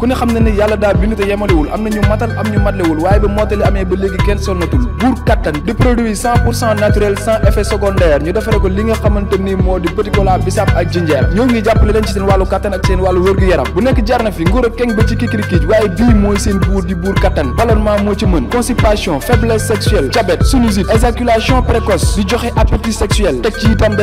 ku ne xam na ni yàlla daal bindu te yemalewul am na ñu matal am ñu matlewul waaye ba mottali amee ba léegi kenn sonnatul buur kattan di produit cent pour cent naturel sans effet secondaire ñu defare ko li nga xamante ni moo di petit bisaab ak jinjeer ñoo ngi jàppale leen ci seen wàllu kattan ak seen wàllu wér-gu-yaram bu nekk jar na fi nguur ak keng ba ci kikirikiij waaye bii mooy seen buur di buur kattan ballonnement moo ci mën constipation faiblesse sexuelle diabète sinusite éjaculation précoce di joxe appétit sexuel teg ci itam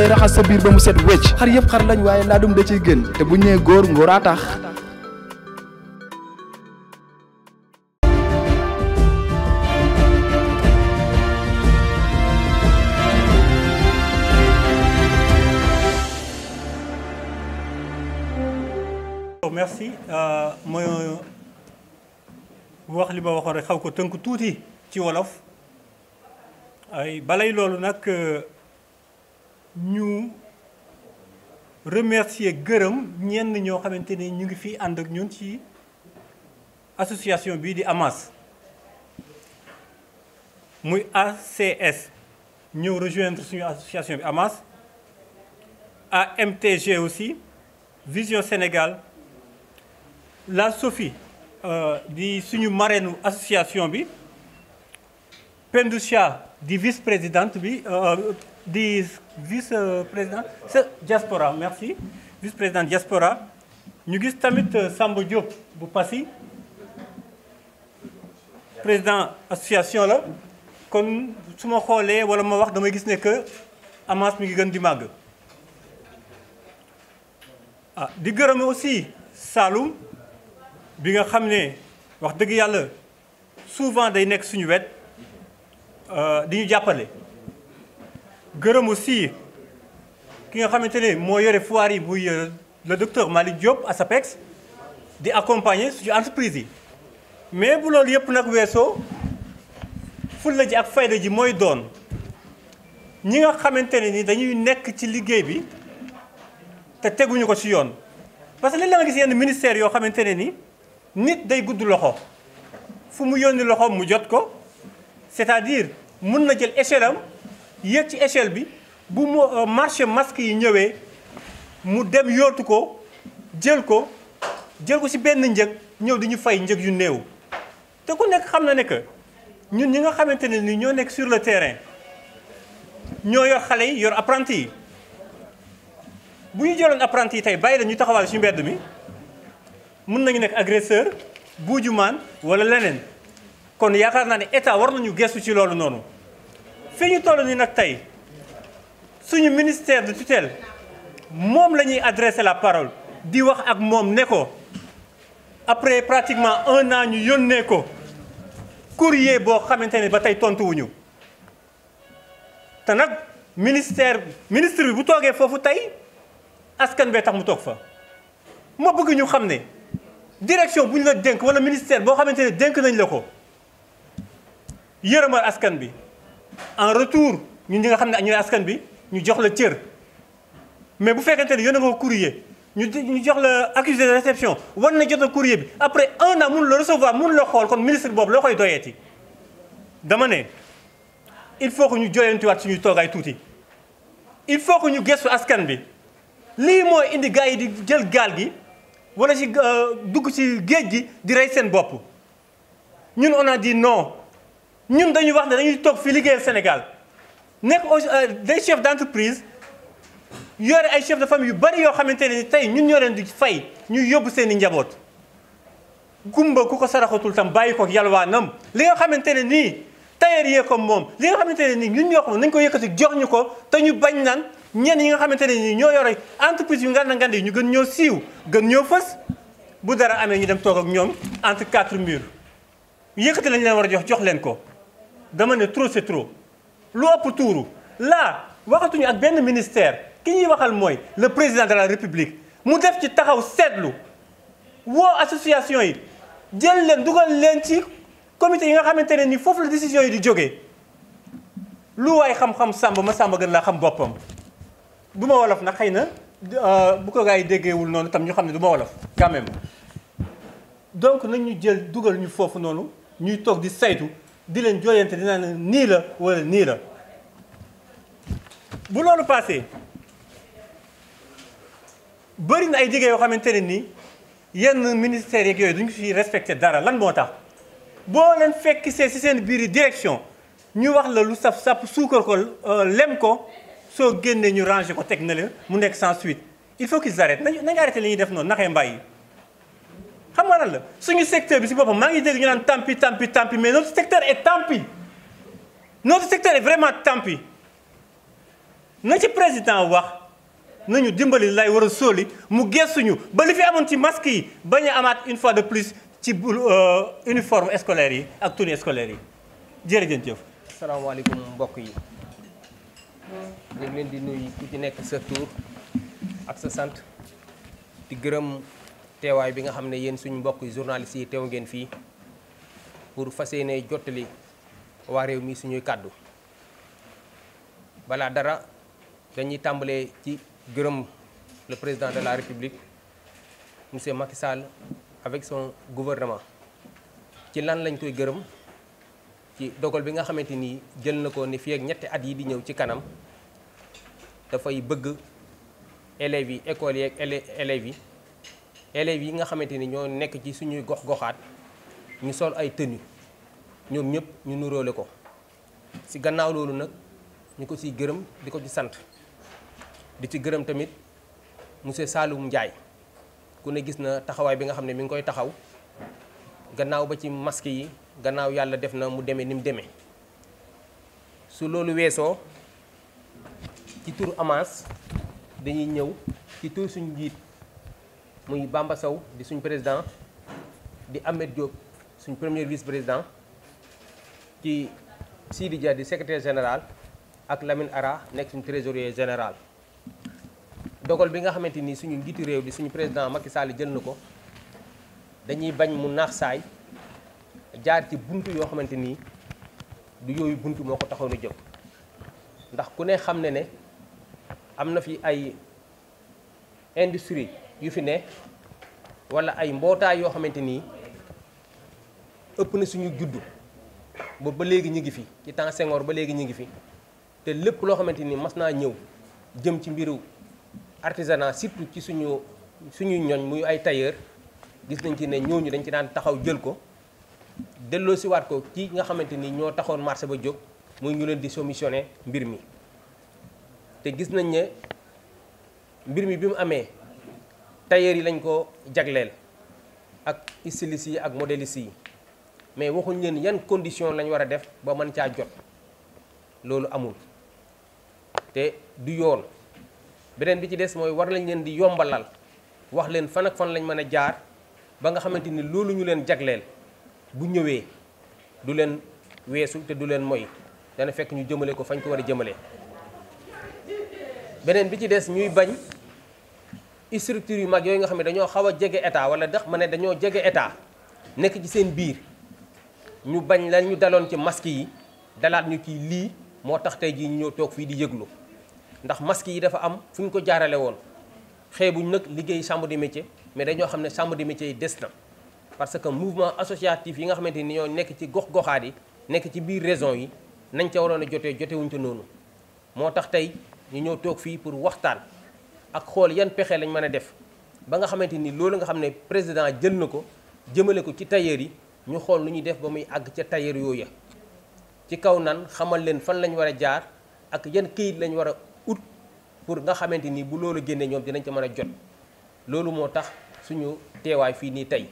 ma wax li ba waxoon rek xaw ko tënk tuuti ci wolof ay balay loolu nag ñu remercier gërëm ñenn ñoo xamante ni ñu ngi fii ànd ak ñun ci association bii di AMAS muy ACS ñëw rejoindre suñu association bi AMAS AMTG aussi Vision Sénégal la Sophie euh, di suñu marraine association bi Pendou Chia di vice présidente bi euh, euh, di vice président diaspora merci vice président diaspora ñu gis tamit Samba Diop bu Passy président association la kon su ma xoolee wala ma wax damay gis ne que Amas mi ngi gën di màgg ah di gërëm aussi Saloum bi nga xam ne wax dëgg yàlla souvent day nekk suñu wet euh, di ñu jàppale gërëm aussi ki nga xamante ne moo yore foire yi muy euh, le docteur mali Diop ASAPEX di accompagner suñu entreprise yi mais bu loolu yëpp nag weesoo fulla ji ak fayda ji mooy doon ñi nga xamante ne ni dañuy nekk ci liggéey bi te teguñu ko si yoon parce que léeg-léeg nga gis yenn ministère yoo xamante ne ni nit day gudd loxo fu mu yónni loxo mu jot ko c'est-à-dire mun na jël échelle am yéeg ci échelle bi bu mu euh, marché masque yi ñëwee mu dem yootu ko jël ko jël ko ci benn njëg ñëw di ñu fay njëg yu néew te ku nekk xam na ne que ñun ñi nga xamante ne ni ñoo nekk sur le terrain ñoo yor xale yi yor apprenti yi bu ñu jëloon apprenti yi tey bàyyi la ñu taxawal ci mbedd mi mën nañu nekk agresseur buujumaan wala leneen kon yaakaar naa ne état war nañu gestu ci loolu noonu fi ñu toll ni nag tey suñu ministère de tutelle moom la ñuy adressé la parole di wax ak moom ne ko après pratiquement un naa ñu yónnee ko courrier boo xamante ne ba tey tontuwuñu te nag ministère ministre bi bu toogee foofu tey askan bee tax mu toog fa ma bëgg ñu xam ne. direction bu ñu la dénk wala ministère boo xamante ne dénk nañ la ko yërëmal askan bi en retour ñun ñi nga xam ne ñu askan bi ñu jox la cër mais bu fekkente ne na nga courrier ñu ñu jox la accusé de réception war na jot a courrier bi après un an mun la recevoir mun la xool kon ministre boobu loo koy doyeeti dama ne il faut que ñu joyantiwaat suñuy toogaay tuuti il faut que ñu gëstu askan bi lii mooy indi gars yi di jël gaal gi. wala ci euh, dugg ci géej gi di rey seen bopp ñun on a dit non ñun dañuy wax ne dañuy toog fi liggéeyal Sénégal nekk au euh, des chefs d'entreprise yore ay chefs de famille yu bari yoo xamante ne tey ñun ñoo leen di fay ñu yóbbu seen i njaboot. gumba ku ko saraxatul tam bàyyi ko yalwaanam li nga xamante ne nii tailleur yee ko moom li nga xamante ne nii ñun ñoo ko nañ ko yëkkati jox ñu ko te ñu bañ naan. ñenn yi nga xamante ne nii ñoo yore entreprise yu ngand ngand yi ñu gën ñoo siiw gën ñoo fës bu dara amee ñu dem toog ak ñoom entre quatre murs yëkkati lañ leen war a jox jox leen ko dama ne trop c'est trop lu ëpp tuuru laa waxatuñu ak benn ministère ki ñuy waxal mooy le président de la république mu def ci taxaw seetlu woo association yi jël leen dugal leen ci comité yi nga xamante ne nii foofu la décision yi di jóge lu waay xam-xam sàmb ma sàmba gën laa xam boppam du ma wolof nag xëy na euh, bu ko gars yi déggeewul noonu tam ñu xam ne du ma wolof quand même donc nañ ñu jël dugal ñu foofu noonu ñuy togg di saytu di leen jooyante dinaa ne nii la wala nii la bu loolu passé bëri na ay jigéen yoo xamante ne nii yenn ministères yeeg yooyu duñu fi respecté dara lan moo tax boo leen fekk see si seen biir direction ñu wax la lu saf sap suukar ko euh, lem ko soo génnee ñu rangé ko teg na la mu nekk sans suite il faut qu'ils arrêtent nañu nañu arrêté li ñuy def noonu naxee mbay xam nga lan la suñu secteur bi si boppam maa ngi dégg ñu naan tant pis tant pis tant pis mais notre secteur est tant notre secteur est vraiment tant na ci président wax nañu dimbali lay war a sóoli mu gëstuñu ba li fi amoon ci masque yi bañ a amaat une fois de plus ci euh, uniforme scolaire yi ak tenue scolaire yi jërëjëf. asalaamaaleykum mbokk yi. ñu leen di nuyu ku ci nekk sa tur ak sa sant di gërëm teewaay bi nga xam ne yéen suñu mbokk journaliste yi teew ngeen fii pour fas yéene jottali waa réew mi suñuy kàddu balaa dara dañuy tàmbalee ci gërëm le président de la république monsieur Macky Sall avec son gouvernement ci lan lañ koy gërëm. ci dogal bi nga xamante ni jël na ko ni fii ak ñetti at yi di ñëw ci kanam dafay bëgg élèves yi écoles yi ak élèves yi élèves yi nga xamante ni ñoo nekk ci suñuy gox-goxaat ñu sol ay tenues ñoom ñëpp ñu nuróole ko si gannaaw loolu nag ñu ko siy gërëm di ko ci sant di ci gërëm tamit monsieur Saloum njaay ku ne gis na taxawaay bi nga xam ne mu ngi koy taxaw gannaaw ba ci masque yi gannaaw yàlla def na mu demee ni mu demee su loolu weesoo ci tur Amas dañuy ñëw ci tur suñu njiit muy Bamba Sow di suñ président di Ahmed Diop suñ premier vice président ci Sidi ja di secretaire général ak Lamine Ara nekk suñu trésorier général dogal bi nga xamante ni suñu njiitu réew bi suñu président Macky saali jël na ko dañuy bañ mu naax saay jaar ci bunt yoo xamante nii du yooyu bunt moo ko taxaw a jóg ndax ku ne xam ne ne am na fi ay industrie yu fi ne walla ay mbootaay yoo xamante ni ëpp na suñu juddu ba ba léegi ñu ngi fi ci temps ba léegi ñu ngi fi te lépp loo xamante ni mas naa ñëw jëm ci mbiru artisanat surtout ci suñu suñuy ñoñ muy ay tailleur gis nañ ci ne ñooñu dañ ci daan taxaw jël ko delloo siwaat ko ci nga xamante ni ñoo taxoon marché ba jóg muy ñu leen di soumissionné mbir mi te gis nañ ne mbir mi bi mu amee tailleur yi lañ ko jagleel ak stylistes ak modélistes yi mais waxuñ leen yan condition lañ war a def ba mën caa jot loolu amul te du yoon beneen bi ci des mooy war lañ leen di yombalal wax leen fan ak fan lañ mën a jaar ba nga xamante ni loolu ñu leen jagleel bu ñëwee du leen weesu te du leen moy dana fekk ñu jëmale ko fañ ko war a jëmale beneen bi ci des ñuy bañ structure yu mag yooyu nga xam ne dañoo xaw a jege état wala dax ma ne dañoo jege état nekk ci seen biir ñu bañ la ñu daloon ci masque yi dalaat ñu ci lii moo tax tey jii ñu ñëw toog fii di yëglu ndax masque yi dafa am fu ñu ko jaarale woon xeebuñ nag liggéey chambre di métier mais dañoo xam ne chambre di métier yi des na parce que mouvement associatif yi nga xamante ni ñoo nekk ci gox-goxaat yi nekk ci biir raison yi nañ ca waroon a jotee jotewuñ te noonu moo tax tey ñu ñëw toog fii pour waxtaan ak xool yan pexe lañ mën a def ba nga xamante ni loolu nga xam ne président jël na ko jëmale ko ci tailleur yi ñu xool lu ñuy def ba muy àgg ca tailleur yooya ci kaw nan xamal leen fan lañ war a jaar ak yan këyit lañ war a ut pour nga xamante ni bu loolu génnee ñoom dinañ ca mën a jot loolu moo tax suñu teewaay fii nii tey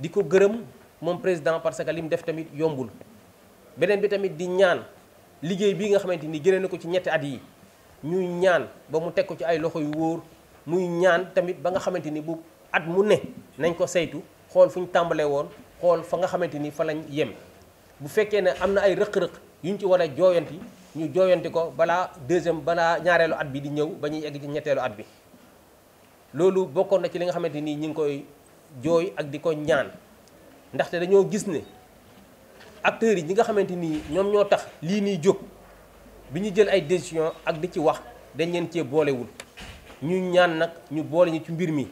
di ko gërëm moom président parce que li mu def tamit yombul beneen bi tamit di ñaan liggéey bii nga xamante ni jëlee na ko ci ñetti at yi ñuy ñaan ba mu teg ko ci ay loxo yu wóor muy ñaan tamit ba nga xamante ni bu at mu ne nañ ko saytu xool fu ñu tàmbalee woon xool fa nga xamante ni fa lañ yem bu fekkee ne am na ay rëq-rëq yuñ ci war a jooyanti ñu jooyanti ko balaa deuxième balaa ñaareelu at bi di ñëw ba ñuy egg ci ñetteelu at bi loolu bokkoon na ci li nga xamante ni ñu ngi koy. jooy ak di ko ñaan ndaxte dañoo gis ne acteurs yi ñi nga xamante ni ñoom ñoo tax lii nii jóg bi ñu jël ay décision ak di ci wax dañ leen cee boolewul ñu ñaan nag ñu boole ñu ci mbir mi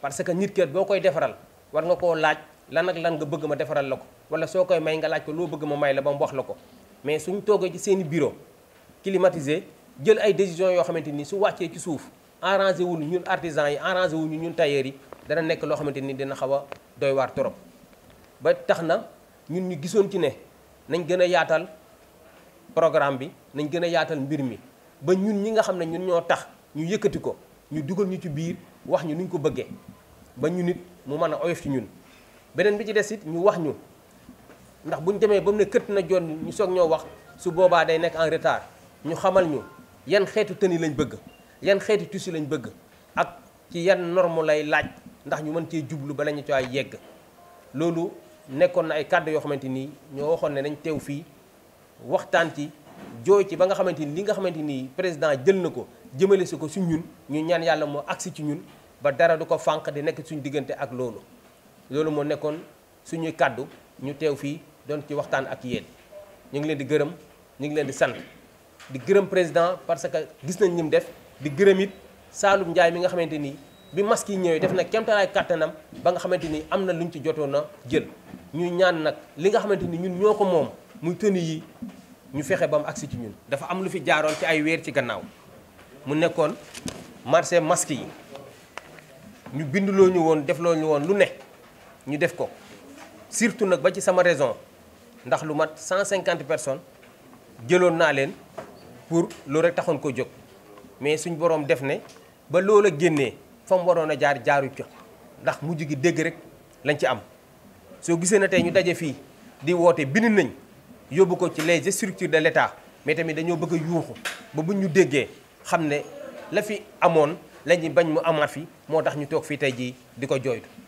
parce que nit kat boo koy defaral war nga koo laaj lan ak lan nga bëgg ma defaral la ko wala soo koy may nga laaj ko loo bëgg ma may la ba mu wax la ko mais suñ toogee ci seeni bureau climatisé jël ay décision yoo xamante ni su wàccee ci suuf arrangé wul ñun artisans yi arrangé wul ñun tailleurs yi dana nekk loo xamante ni dina xaw a doy waar torop ba tax na ñun ñu gisoon ci ne nañ gën a yaatal programme bi nañ gën a yaatal mbir mi ba ñun ñi nga xam ne ñun ñoo tax ñu yëkkati ko ñu dugal ñu ci biir wax ñu nuñ ko bëggee ba ñun it mu mën a oyof ci ñun beneen bi ci des it ñu wax ñu ndax buñ demee ba mu ne këtt na jon ñu soog ñoo wax su boobaa day nekk en retard ñu xamal ñu yan xeetu tëni lañ bëgg yan xeetu tissu lañ bëgg ak ci yan norme lay laaj ndax ñu mën cee jublu bala ñu caa yegg loolu nekkoon na ay kàddu yoo xamante nii ñoo waxoon ne nañ teew fii waxtaan ci jooy ci ba nga xamante ni li nga xamante nii président jël na ko jëmale si ko su ñun ñu ñaan yàlla moo agsi ci ñun ba dara du ko fànq di nekk suñu diggante ak loolu loolu moo nekkoon suñuy kàddu ñu teew fii doon ci waxtaan ak yéen ñu ngi leen di gërëm ñu ngi leen di sant di gërëm président parce que gis nañ ni def di gërëm it Saalum Njaay mi nga xamante nii bi masque yi ñëwee def na kemtalaay kàttanam ba nga xamante ni am na luñ ci jotoon a jël ñuy ñaan nag li nga xamante ni ñun ñoo ko moom muy tëni yi ñu fexe ba mu agsi ci ñun dafa am lu fi jaaroon ci ay weer ci gannaaw mu nekkoon marché masque yi ñu binduloo ñu woon defloo ñu woon lu ne ñu def ko surtout nag ba ci sama raison ndax lu mat cent 150 personnes jëloon naa leen pour loolu rek taxoon ko jóg mais suñ boroom def ne ba a génnee fa mu waroon a jaar jaaru ca ndax mujj gi dégg rek lañ ci am soo gisee na tey ñu daje fii di woote bind nañ yóbbu ko ci les structures de l'État mais tamit dañoo bëgg a yuuxu ba buñ ñu déggee xam ne la fi amoon la ñuy bañ mu amaat fi moo tax ñu toog fii tey jii di ko jooytu